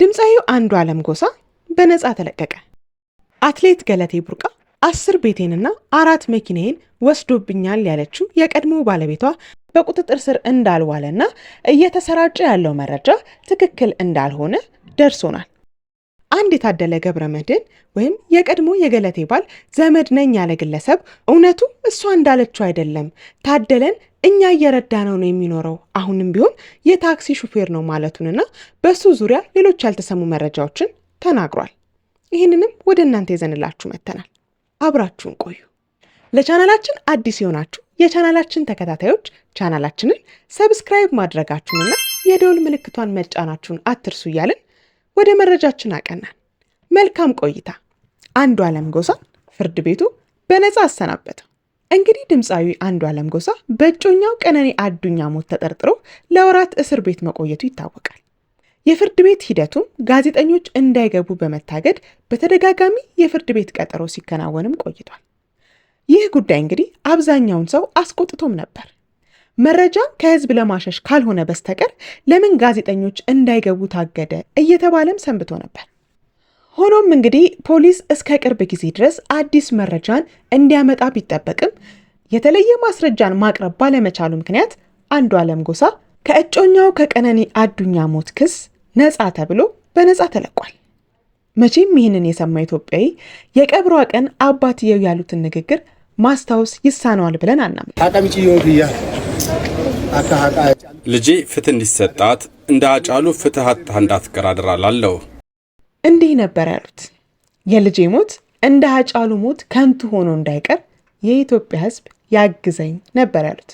ድምፃዊው አንዱ ዓለም ጎሳ በነፃ ተለቀቀ። አትሌት ገለቴ ቡርቃ አስር ቤቴንና አራት መኪናዬን ወስዶብኛል ያለችው የቀድሞ ባለቤቷ በቁጥጥር ስር እንዳልዋለና እየተሰራጨ ያለው መረጃ ትክክል እንዳልሆነ ደርሶናል። አንድ የታደለ ገብረ መድን ወይም የቀድሞ የገለቴ ባል ዘመድ ነኝ ያለ ግለሰብ እውነቱ እሷ እንዳለችው አይደለም፣ ታደለን እኛ እየረዳ ነው ነው የሚኖረው አሁንም ቢሆን የታክሲ ሹፌር ነው ማለቱንና በሱ ዙሪያ ሌሎች ያልተሰሙ መረጃዎችን ተናግሯል። ይህንንም ወደ እናንተ ይዘንላችሁ መጥተናል። አብራችሁን ቆዩ። ለቻናላችን አዲስ የሆናችሁ የቻናላችን ተከታታዮች ቻናላችንን ሰብስክራይብ ማድረጋችሁንና የደውል ምልክቷን መጫናችሁን አትርሱ እያልን ወደ መረጃችን አቀናን። መልካም ቆይታ። አንዱ ዓለም ጎሳ ፍርድ ቤቱ በነፃ አሰናበተው። እንግዲህ ድምፃዊ አንዱ ዓለም ጎሳ በእጮኛው ቀነኔ አዱኛ ሞት ተጠርጥሮ ለወራት እስር ቤት መቆየቱ ይታወቃል። የፍርድ ቤት ሂደቱም ጋዜጠኞች እንዳይገቡ በመታገድ በተደጋጋሚ የፍርድ ቤት ቀጠሮ ሲከናወንም ቆይቷል። ይህ ጉዳይ እንግዲህ አብዛኛውን ሰው አስቆጥቶም ነበር። መረጃ ከህዝብ ለማሸሽ ካልሆነ በስተቀር ለምን ጋዜጠኞች እንዳይገቡ ታገደ እየተባለም ሰንብቶ ነበር። ሆኖም እንግዲህ ፖሊስ እስከ ቅርብ ጊዜ ድረስ አዲስ መረጃን እንዲያመጣ ቢጠበቅም የተለየ ማስረጃን ማቅረብ ባለመቻሉ ምክንያት አንዱ ዓለም ጎሳ ከእጮኛው ከቀነኒ አዱኛ ሞት ክስ ነፃ ተብሎ በነፃ ተለቋል። መቼም ይህንን የሰማ ኢትዮጵያዊ የቀብሯ ቀን አባትየው ያሉትን ንግግር ማስታወስ ይሳነዋል ብለን አናም ልጄ ፍትህ እንዲሰጣት እንደ አጫሉ ፍትህ አጥታ እንዳትቀር አደራላለሁ። እንዲህ ነበር ያሉት። የልጄ ሞት እንደ አጫሉ ሞት ከንቱ ሆኖ እንዳይቀር የኢትዮጵያ ሕዝብ ያግዘኝ ነበር ያሉት።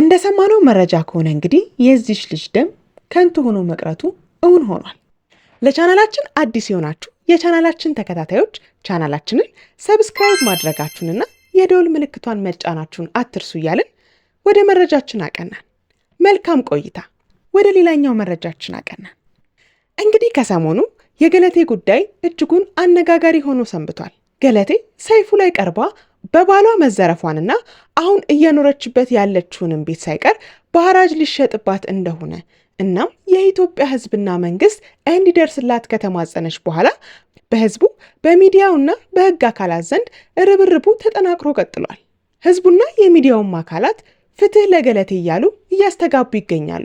እንደሰማነው መረጃ ከሆነ እንግዲህ የዚች ልጅ ደም ከንቱ ሆኖ መቅረቱ እውን ሆኗል። ለቻናላችን አዲስ የሆናችሁ የቻናላችን ተከታታዮች ቻናላችንን ሰብስክራይብ ማድረጋችሁንና የደወል ምልክቷን መጫናችሁን አትርሱ እያልን ወደ መረጃችን አቀናን። መልካም ቆይታ። ወደ ሌላኛው መረጃችን አቀናን። እንግዲህ ከሰሞኑ የገለቴ ጉዳይ እጅጉን አነጋጋሪ ሆኖ ሰንብቷል። ገለቴ ሰይፉ ላይ ቀርባ በባሏ መዘረፏንና አሁን እየኖረችበት ያለችውንም ቤት ሳይቀር በሐራጅ ሊሸጥባት እንደሆነ እናም የኢትዮጵያ ህዝብና መንግስት እንዲደርስላት ከተማጸነች በኋላ በህዝቡ በሚዲያውና በህግ አካላት ዘንድ ርብርቡ ተጠናክሮ ቀጥሏል። ህዝቡና የሚዲያውም አካላት ፍትህ ለገለቴ እያሉ እያስተጋቡ ይገኛሉ።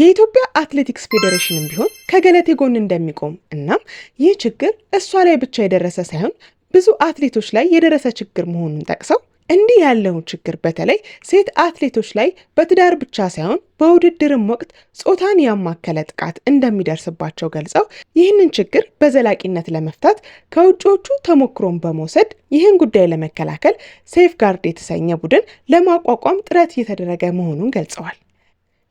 የኢትዮጵያ አትሌቲክስ ፌዴሬሽንም ቢሆን ከገለቴ ጎን እንደሚቆም እናም ይህ ችግር እሷ ላይ ብቻ የደረሰ ሳይሆን ብዙ አትሌቶች ላይ የደረሰ ችግር መሆኑን ጠቅሰው እንዲህ ያለውን ችግር በተለይ ሴት አትሌቶች ላይ በትዳር ብቻ ሳይሆን በውድድርም ወቅት ጾታን ያማከለ ጥቃት እንደሚደርስባቸው ገልጸው ይህንን ችግር በዘላቂነት ለመፍታት ከውጮቹ ተሞክሮን በመውሰድ ይህን ጉዳይ ለመከላከል ሴፍ ጋርድ የተሰኘ ቡድን ለማቋቋም ጥረት እየተደረገ መሆኑን ገልጸዋል።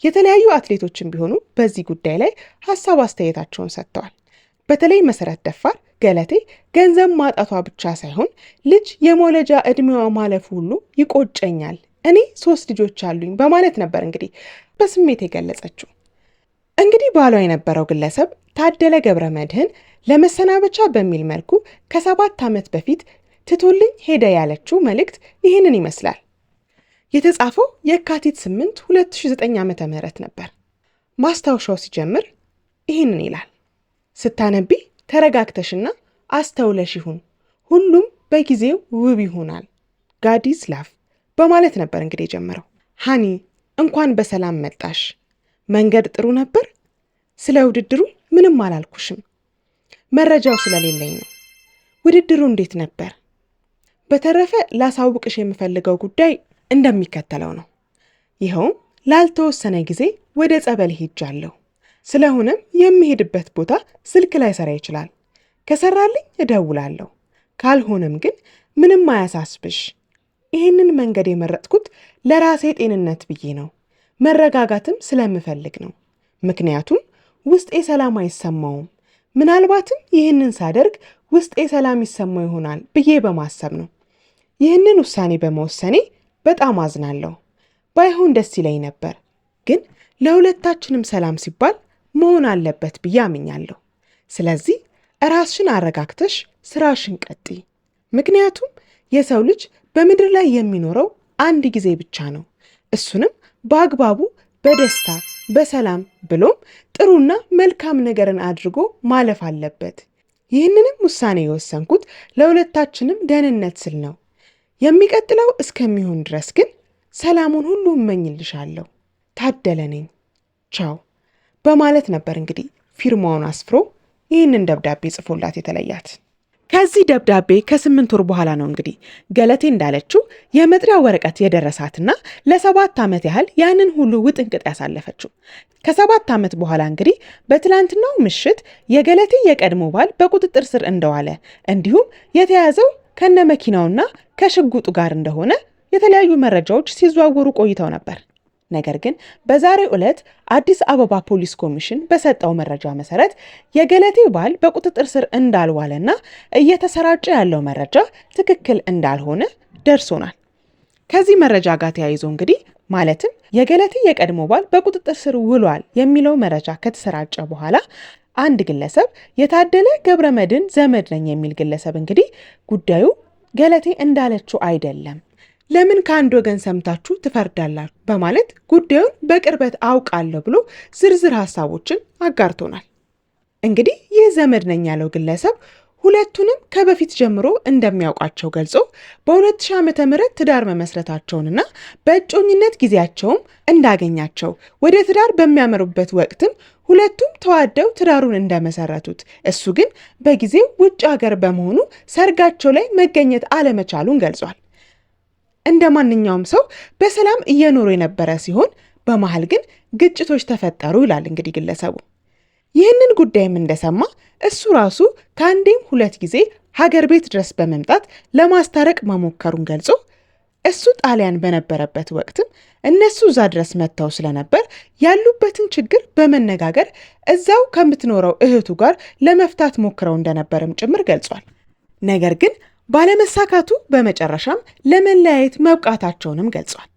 የተለያዩ አትሌቶችም ቢሆኑ በዚህ ጉዳይ ላይ ሀሳብ አስተያየታቸውን ሰጥተዋል። በተለይ መሰረት ደፋር ገለቴ ገንዘብ ማጣቷ ብቻ ሳይሆን ልጅ የመውለጃ እድሜዋ ማለፍ ሁሉ ይቆጨኛል፣ እኔ ሶስት ልጆች አሉኝ በማለት ነበር እንግዲህ በስሜት የገለጸችው። እንግዲህ ባሏ የነበረው ግለሰብ ታደለ ገብረ መድህን ለመሰናበቻ በሚል መልኩ ከሰባት ዓመት በፊት ትቶልኝ ሄደ ያለችው መልእክት ይህንን ይመስላል። የተጻፈው የካቲት 8 2009 ዓ ም ነበር። ማስታወሻው ሲጀምር ይህንን ይላል ስታነቢ ተረጋግተሽና አስተውለሽ ይሁን፣ ሁሉም በጊዜው ውብ ይሆናል ጋዲዝ ላፍ በማለት ነበር እንግዲህ የጀመረው። ሃኒ እንኳን በሰላም መጣሽ። መንገድ ጥሩ ነበር። ስለ ውድድሩ ምንም አላልኩሽም፣ መረጃው ስለሌለኝ ነው። ውድድሩ እንዴት ነበር? በተረፈ ላሳውቅሽ የምፈልገው ጉዳይ እንደሚከተለው ነው። ይኸውም ላልተወሰነ ጊዜ ወደ ጸበል ሄጃለሁ። ስለሆነም የምሄድበት ቦታ ስልክ ላይ ሰራ ይችላል። ከሰራልኝ እደውላለሁ፣ ካልሆነም ግን ምንም አያሳስብሽ። ይህንን መንገድ የመረጥኩት ለራሴ ጤንነት ብዬ ነው፣ መረጋጋትም ስለምፈልግ ነው። ምክንያቱም ውስጤ ሰላም አይሰማውም። ምናልባትም ይህንን ሳደርግ ውስጤ ሰላም ይሰማው ይሆናል ብዬ በማሰብ ነው። ይህንን ውሳኔ በመወሰኔ በጣም አዝናለሁ። ባይሆን ደስ ይለኝ ነበር፣ ግን ለሁለታችንም ሰላም ሲባል መሆን አለበት ብዬ አምኛለሁ። ስለዚህ ራስሽን አረጋግተሽ ስራሽን ቀጢ። ምክንያቱም የሰው ልጅ በምድር ላይ የሚኖረው አንድ ጊዜ ብቻ ነው። እሱንም በአግባቡ በደስታ በሰላም ብሎም ጥሩና መልካም ነገርን አድርጎ ማለፍ አለበት። ይህንንም ውሳኔ የወሰንኩት ለሁለታችንም ደህንነት ስል ነው። የሚቀጥለው እስከሚሆን ድረስ ግን ሰላሙን ሁሉ እመኝልሻለሁ። ታደለ ነኝ። ቻው በማለት ነበር እንግዲህ ፊርማውን አስፍሮ ይህንን ደብዳቤ ጽፎላት የተለያት። ከዚህ ደብዳቤ ከስምንት ወር በኋላ ነው እንግዲህ ገለቴ እንዳለችው የመጥሪያ ወረቀት የደረሳትና ለሰባት ዓመት ያህል ያንን ሁሉ ውጥንቅጥ ያሳለፈችው። ከሰባት ዓመት በኋላ እንግዲህ በትላንትናው ምሽት የገለቴ የቀድሞ ባል በቁጥጥር ስር እንደዋለ እንዲሁም የተያዘው ከነ መኪናውና ከሽጉጡ ጋር እንደሆነ የተለያዩ መረጃዎች ሲዘዋወሩ ቆይተው ነበር። ነገር ግን በዛሬው ዕለት አዲስ አበባ ፖሊስ ኮሚሽን በሰጠው መረጃ መሰረት የገለቴ ባል በቁጥጥር ስር እንዳልዋለና እየተሰራጨ ያለው መረጃ ትክክል እንዳልሆነ ደርሶናል። ከዚህ መረጃ ጋር ተያይዞ እንግዲህ ማለትም የገለቴ የቀድሞ ባል በቁጥጥር ስር ውሏል የሚለው መረጃ ከተሰራጨ በኋላ አንድ ግለሰብ የታደለ መድን ዘመድ ነኝ የሚል ግለሰብ እንግዲህ ጉዳዩ ገለቴ እንዳለችው አይደለም ለምን ከአንድ ወገን ሰምታችሁ ትፈርዳላችሁ? በማለት ጉዳዩን በቅርበት አውቃለሁ ብሎ ዝርዝር ሀሳቦችን አጋርቶናል። እንግዲህ ይህ ዘመድ ነኝ ያለው ግለሰብ ሁለቱንም ከበፊት ጀምሮ እንደሚያውቃቸው ገልጾ በ2000 ዓ ም ትዳር መመስረታቸውንና በእጮኝነት ጊዜያቸውም እንዳገኛቸው ወደ ትዳር በሚያመሩበት ወቅትም ሁለቱም ተዋደው ትዳሩን እንደመሰረቱት እሱ ግን በጊዜው ውጭ ሀገር በመሆኑ ሰርጋቸው ላይ መገኘት አለመቻሉን ገልጿል። እንደ ማንኛውም ሰው በሰላም እየኖሩ የነበረ ሲሆን በመሀል ግን ግጭቶች ተፈጠሩ ይላል እንግዲህ ግለሰቡ። ይህንን ጉዳይም እንደሰማ እሱ ራሱ ከአንዴም ሁለት ጊዜ ሀገር ቤት ድረስ በመምጣት ለማስታረቅ መሞከሩን ገልጾ እሱ ጣሊያን በነበረበት ወቅትም እነሱ እዛ ድረስ መጥተው ስለነበር ያሉበትን ችግር በመነጋገር እዛው ከምትኖረው እህቱ ጋር ለመፍታት ሞክረው እንደነበርም ጭምር ገልጿል። ነገር ግን ባለመሳካቱ በመጨረሻም ለመለያየት መብቃታቸውንም ገልጿል።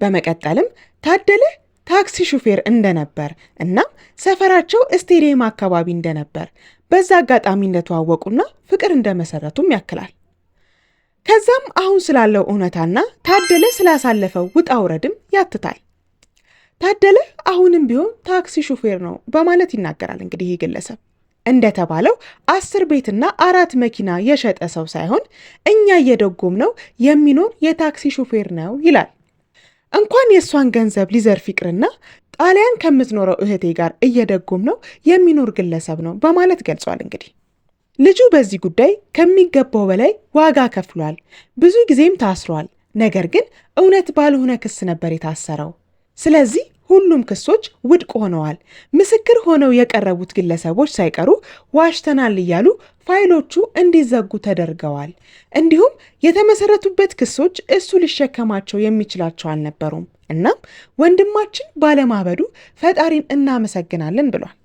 በመቀጠልም ታደለ ታክሲ ሹፌር እንደነበር እናም ሰፈራቸው ስቴዲየም አካባቢ እንደነበር በዛ አጋጣሚ እንደተዋወቁና ፍቅር እንደመሰረቱም ያክላል። ከዛም አሁን ስላለው እውነታና ታደለ ስላሳለፈው ውጣ ውረድም ያትታል። ታደለ አሁንም ቢሆን ታክሲ ሹፌር ነው በማለት ይናገራል። እንግዲህ ይህ ግለሰብ እንደተባለው አስር ቤትና አራት መኪና የሸጠ ሰው ሳይሆን እኛ እየደጎም ነው የሚኖር የታክሲ ሹፌር ነው ይላል። እንኳን የእሷን ገንዘብ ሊዘርፍ ይቅርና ጣሊያን ከምትኖረው እህቴ ጋር እየደጎም ነው የሚኖር ግለሰብ ነው በማለት ገልጿል። እንግዲህ ልጁ በዚህ ጉዳይ ከሚገባው በላይ ዋጋ ከፍሏል። ብዙ ጊዜም ታስሯል። ነገር ግን እውነት ባልሆነ ክስ ነበር የታሰረው። ስለዚህ ሁሉም ክሶች ውድቅ ሆነዋል። ምስክር ሆነው የቀረቡት ግለሰቦች ሳይቀሩ ዋሽተናል እያሉ ፋይሎቹ እንዲዘጉ ተደርገዋል። እንዲሁም የተመሰረቱበት ክሶች እሱ ሊሸከማቸው የሚችላቸው አልነበሩም። እናም ወንድማችን ባለማበዱ ፈጣሪን እናመሰግናለን ብሏል።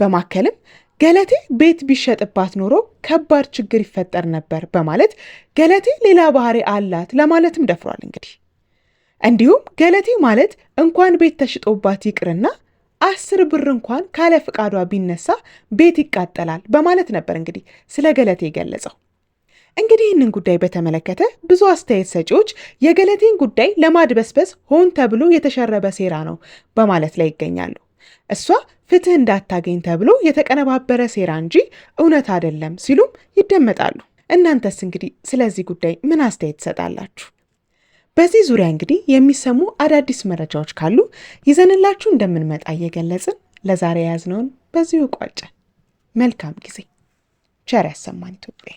በማከልም ገለቴ ቤት ቢሸጥባት ኖሮ ከባድ ችግር ይፈጠር ነበር በማለት ገለቴ ሌላ ባህሪ አላት ለማለትም ደፍሯል። እንግዲህ እንዲሁም ገለቴ ማለት እንኳን ቤት ተሽጦባት ይቅርና አስር ብር እንኳን ካለ ፍቃዷ ቢነሳ ቤት ይቃጠላል በማለት ነበር እንግዲህ ስለ ገለቴ ገለጸው። እንግዲህ ይህንን ጉዳይ በተመለከተ ብዙ አስተያየት ሰጪዎች የገለቴን ጉዳይ ለማድበስበስ ሆን ተብሎ የተሸረበ ሴራ ነው በማለት ላይ ይገኛሉ። እሷ ፍትህ እንዳታገኝ ተብሎ የተቀነባበረ ሴራ እንጂ እውነት አይደለም ሲሉም ይደመጣሉ። እናንተስ እንግዲህ ስለዚህ ጉዳይ ምን አስተያየት ትሰጣላችሁ? በዚህ ዙሪያ እንግዲህ የሚሰሙ አዳዲስ መረጃዎች ካሉ ይዘንላችሁ እንደምንመጣ እየገለጽን ለዛሬ የያዝነውን በዚሁ ቋጨ። መልካም ጊዜ። ቸር ያሰማን ኢትዮጵያ።